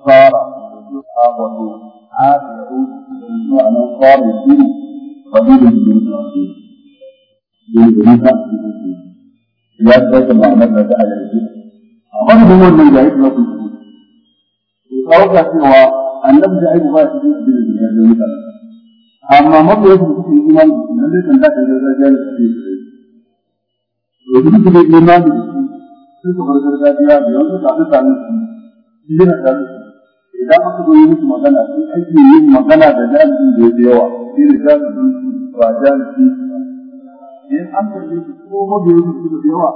fara a wato a da yau ma'anar fara shi ne da da da ya da ta wani da wannan da ku cewa annabi da aiki ba shi da ya amma nan da yi da imani sun kamar gargajiya da yanzu tafi tafi su yana tafi su idan aka zo yi musu magana sai ake yin magana da jami'in da ya yawa shi ne jami'in ba jami'in in an karbe su ko mabiyan su da yawa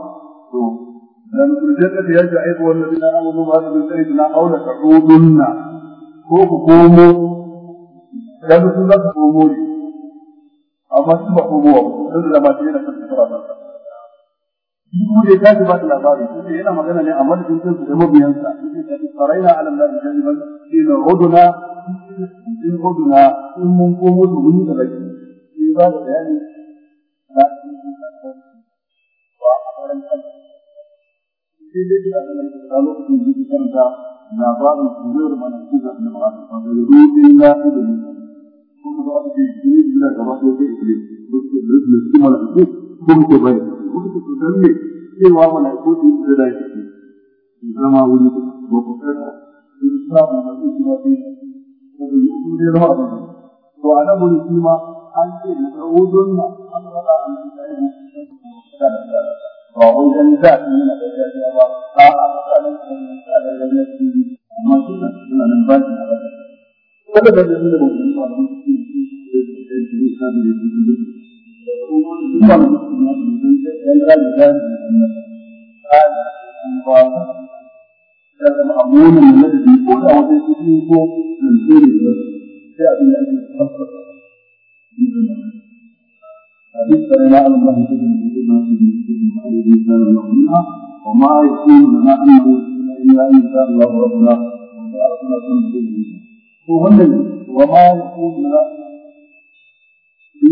to dan kurjata da yaji aiko wannan dina amanu ba su bin sai na aula ta'udunna ko ku komo dan sun za su komo ne amma su ba komo ba sun da ba su yana tafi ba shi kuma da ya tashi ba da labari sai yana magana ne a madadin kansu da mabiyansa ala Allah da jaliban in uduna in uduna in mun komo da da baki ba da bayani na wa a ran kan sai dai da Allah da lokacin da yake karanta labarin kuriyar manaki da Allah ba da na da kuma da ake yi da gaba da yake da kuma da kuma da kuma ku dan me cewa malaiku su yi da shi in zama wuri ba ku kada in samu ba ku ba ku ko ku yi ku da ba to a mun shi ma an ce da tsawudun na an fara an da yi da da ba da ni na da ya ba a a da da da da amma shi na suna nan ba shi ba kada da da da ba ku ba ku da da da da وما يكون لنا ان الا ان شاء الله ربنا وما يكون لنا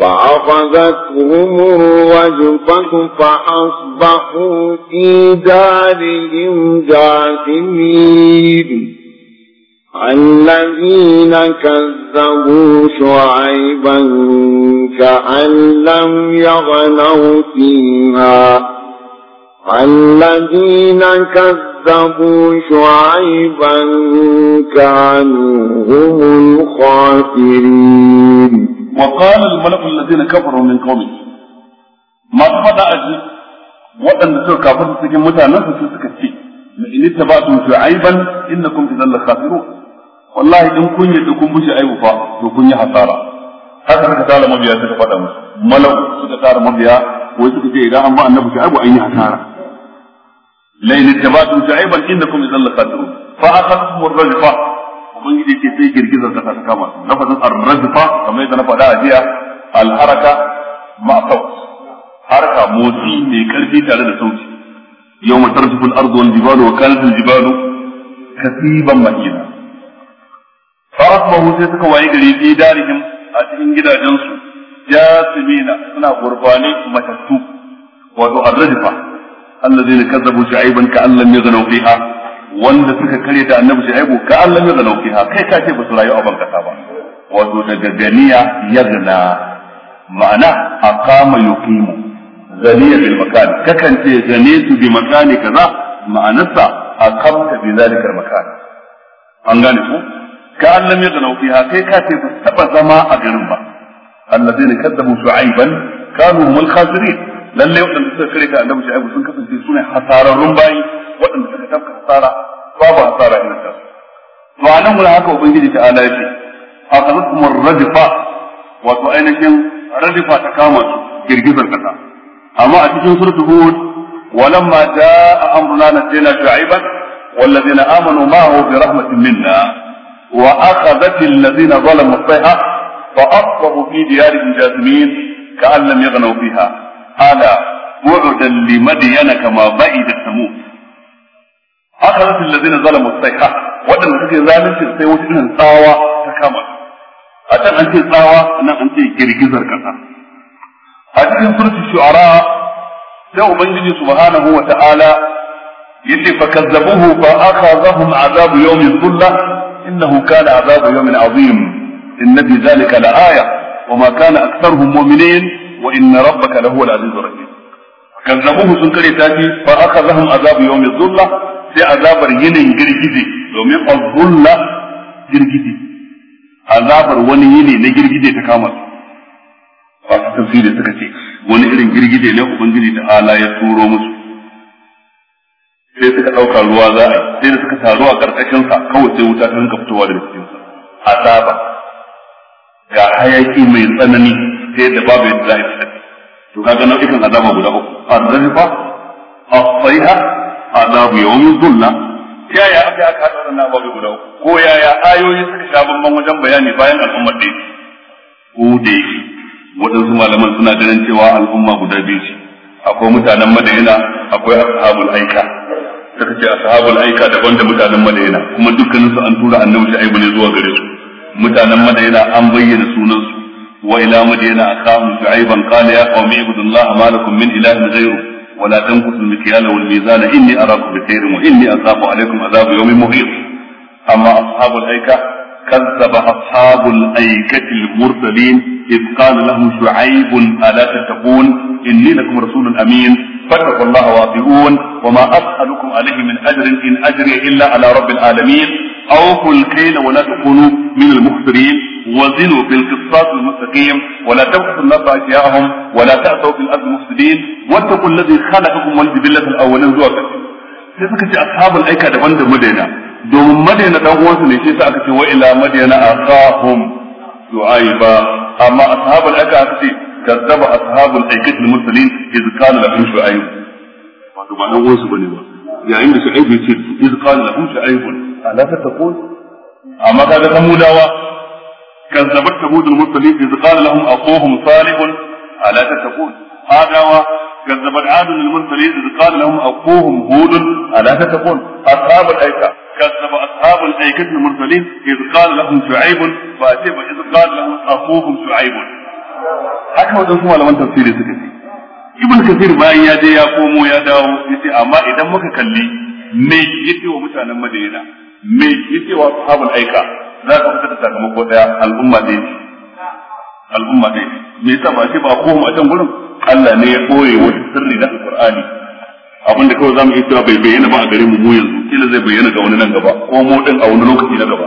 فأخذتهم الرجفة فأصبحوا في دارهم جاثمين الذين كذبوا شعيبا كأن لم يغنوا فيها الذين كذبوا شعيبا كانوا هم الخاسرين wa qala al mala'u alladhina kafaru min qaumi masu faɗa a ji waɗanda suka kafarta cikin mutanen su suka ce la in ittaba'tum shu'ayban innakum idan la khasirun wallahi in kun yadda kun bushe aibu fa to kun yi hasara haka suka tara mabiya suka faɗa musu mala'u suka tara mabiya wai suka ce idan an ba annabi shu'aybu an yi hasara in la fa ubangiji ce sai girgizar kasa ta kama su lafazin ar-rajfa kamar yadda na faɗa a jiya al-haraka ma sawt haraka motsi mai karfi tare da sauti yawma tarjufu al-ardu wal jibalu wa kanat al-jibalu kasiban mahina farasmahu sai suka waye gari fi darihim a cikin gidajensu jasimina suna gurbane matattu wato ar-rajfa alladhina kazzabu shu'ayban ka'an lam yaghnaw fiha wanda suka kare ta annabi shu'aibu ka Allah ya zanau fiha kai ka ce ba su rayu a ban kasa ba wato daga ganiya yazna ma'ana aqama yuqimu zaniya bil makan kakan ce zanitu bi makani kaza ma'anarsa aqamta bi zalikal makan an gane ku ka Allah ya zanau fiha kai ka ce ba taba zama a garin ba alladheena kadzabu shu'aiban kanu hum al-khasirin lalle wadanda suka kare ta annabi shu'aibu sun kasance sune hasararrun bayi waɗanda ka tafka hasara babu hasara irin ta to anan mun haka ubangiji ta ala ce akhadhtum ar-rajfa wato ainihin rajfa ta kama su girgizar kasa amma a cikin suratul hud walamma jaa amruna najina shu'aiban والذين آمنوا معه برحمة منا وأخذت الذين ظلموا الصيحة فأصبحوا في ديارهم جاثمين كأن لم يغنوا فيها ألا بعدا لمدين كما بعد ثمود akhadhat alladhina zalamu sayha wadanda suke zalunci sai wata nan tsawa ta kama a can an ce tsawa nan an ce girgizar kasa a cikin surti shu'ara sai ubangiji subhanahu wa ta'ala yace fa kazzabuhu fa akhadhahum azabu yawmin dhullah innahu kana azabu yawmin azim inna fi dhalika la aya وما كان أكثرهم مؤمنين وإن ربك لهو العزيز الرحيم كذبوه سنكري تاتي فأخذهم عذاب يوم الظلة sai azabar yinin girgije domin azulla girgije azabar wani yini na girgije ta kama su masu tafsiri suka ce wani irin girgije ne ubangiji da ala ya turo musu sai suka ɗauka ruwa za a sai da suka taru a ƙarƙashin sa kawai sai wuta ta rinka fitowa daga cikin sa azaba ga hayaki mai tsanani sai da babu yadda za a yi to kaga nau'ikan azaba guda uku a asaiha azabu yawmin zulla yaya aka aka hada wannan babu guda ko yaya ayoyi suka sha bamban wajen bayani bayan al'ummar da ko da yake waɗansu malaman suna ganin cewa al'umma guda biyu ce akwai mutanen Madaina akwai ashabul aika suka ce ashabul aika daban da mutanen Madaina kuma dukkanin su an tura annabi shaibu ne zuwa gare su mutanen Madaina an bayyana sunan su wa ila madaina akahum shu'aiban qala ya qaumi ibudullaha ma lakum min ilahin ghayruhu ولا تنقصوا المكيال والميزان إني أراكم بخير وإني أخاف عليكم عذاب يوم محيط أما أصحاب الأيكة كذب أصحاب الأيكة المرسلين إذ قال لهم شعيب ألا تتقون إني لكم رسول أمين فاتقوا الله واطيعون وما أسألكم عليه من أجر إن أجري إلا على رب العالمين أوفوا الكيل ولا تكونوا من المخسرين وزنوا بالقسطاس المستقيم ولا تبخسوا الناس أشياءهم ولا تأسوا في الأرض مفسدين واتقوا الذي خلقكم والجبلة الأولين zuwa sai suka ce ashabul aika daban da madaina domin madaina dan uwansu ne shi sa aka ce wa ila madaina aqahum shu'aiba amma ashabul aika aka ce kazzaba ashabul aikati al-mursalin iz qala lahum shu'aib wato ba dan uwansu bane ba yayin da shu'aib ya ce iz qala lahum shu'aib ala tattaqun amma kaga mudawa. كذبت ثمود المرسلين إذ قال لهم أخوهم صالح ألا تتقون هذا كذبت عاد المرسلين إذ قال لهم أخوهم هود ألا تتقون أصحاب الأيكة كذب أصحاب الأيكة المرسلين إذ قال لهم شعيب فأتيب إذ قال لهم أخوهم شعيب haka wajen kuma malaman tafsiri suka ce ibn kasir bayan ya je ya komo ya dawo yace amma idan muka kalli me yake wa mutanen madina me yake wa sahabul aika za ka fitar da sakamako daya al'umma ɗaya al'umma ɗaya me yasa ba shi ba ko mu a can gurin Allah ne ya koye wata sirri na alqur'ani abinda kawai zamu yi cewa bai bayyana ba a gare mu mu yanzu kila zai bayyana ga wani nan gaba ko mu din a wani lokaci na gaba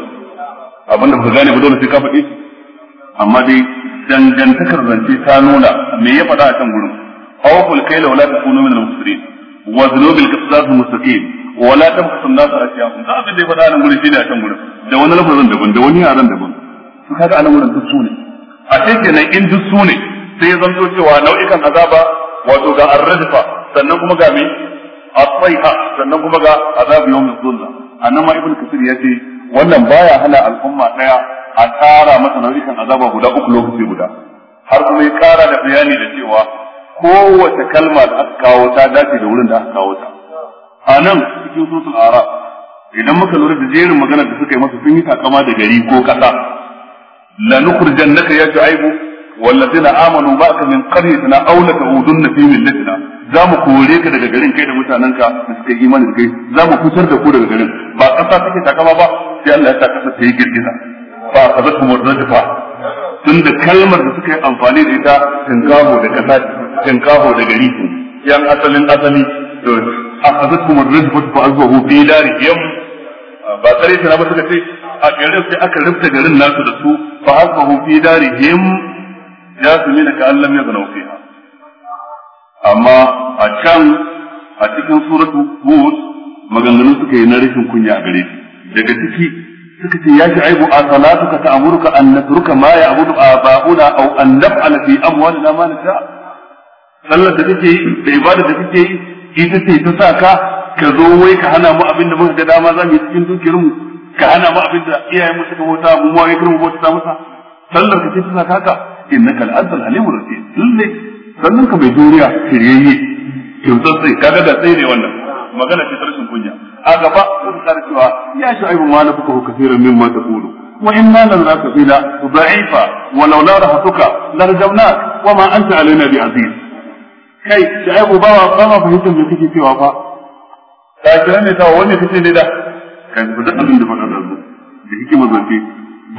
abinda baka gane ba dole sai ka faɗi amma dai dangantakar zance ta nuna me ya faɗa a can gurin awful kayla wala takunu min al-musrin wa dhunubil qisas mustaqim wala tabkhasu an-nas asyahum da abin da ya faɗa nan gurin shine a can gurin da wani lafazin daban da wani yaren daban su kaga anan wurin duk sune a sai kenan in duk sune sai ya zanto cewa nau'ikan azaba wato ga arrajfa sannan kuma ga me asaiha sannan kuma ga azabu yawmin zulla annan ma ibnu kasir ya ce wannan baya hana al'umma daya a tsara masa nau'ikan azaba guda uku lokaci guda har kuma ya kara da bayani da cewa kowace kalma da aka kawo ta dace da wurin da aka kawo ta a nan cikin sutul arab idan muka lura da jerin magana da suka yi masa sun yi takama da gari ko kasa la nukhrujannaka ya shu'aibu wallazina amanu ba'ka min qaryatina aw la ta'udunna fi millatina za mu kore ka daga garin kai da mutanenka da suka yi imani da kai za mu fitar da ku daga garin ba kasa take takama ba sai Allah ya sa kasa ta yi girgiza fa kazatu murdafa tunda kalmar da suka yi amfani da ita tinkabo da kasa tinkabo da gari yan asalin asali to akhazatkum ar-rizqu fa azwahu fi darihim ba kare shi na ba suka ce a garin sai aka rufta garin nasu da su fa hu fi darihim jasmina ka allam yaghnaw fiha amma a can a cikin suratu hud maganganun suka yi na rashin kunya a gare daga ciki suka ce ya shi aibu a salatuka ta amurka an natruka ma ya a aba'una aw an naf'ala fi amwalina ma nasha sallar da kake yi da ibada da kake yi ita ce ta sa ka ka zo wai ka hana mu abinda muka ga dama za mu yi cikin dukiyar ka hana mu abinda iyayen mu suka bauta mu ma kirmu bauta masa sallar ka ce tana kaka innaka al-azal alimur rasul lalle sannan ka mai duniya shiryayye kyautar sai kaga da sai ne wannan magana ce tarshen kunya a gaba sun kara cewa ya shu'aibu ma na fuka kasiran mimma taqulu wa inna lan nakfila da'ifa wa laula rahatuka larjamnak wa ma anta alaina bi aziz kai shu'aibu bawa bawa fahimtar me kake cewa fa ta kira ne ta wani kace ne da ka ji da abin da ba, da su da hikima zance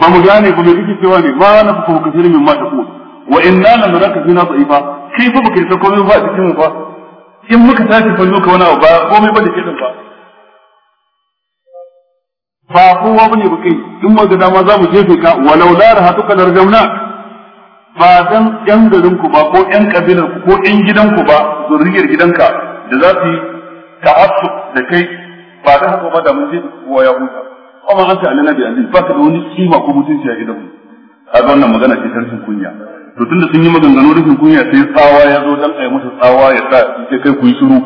ba mu gane ku me kike cewa ne ma na ku kasir min ma taqul wa inna la naraka fina dha'ifa kai fa baka ta komai ba cikin mu ba in muka tashi fanno ka wani ba komai ba da ke ba ba kowa bane ba kai in mu ga dama za mu jefe ka walau la rahatuka larjamna ba dan yan garin ku ba ko yan kabilar ku ko yan gidan ku ba zuriyar gidanka da za su yi ta'assub da kai ba da haka ba da mun ji wa ya huta amma zan ta annabi annabi ba ka da wani kima ko mutunci a gidan mu a wannan magana ce tarkin kunya to tunda sun yi maganganu rufin kunya sai tsawa ya zo dan ayi musu tsawa ya sa sai kai ku yi shiru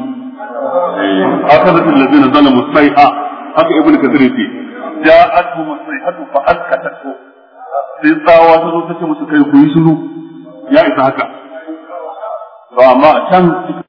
eh, akazatul ladina zalamu sai'a haka ibnu kathir yake ja adu sayhatu fa askatatu sai tsawa ta zo ta ce musu kai ku yi shiru ya isa haka ba ma can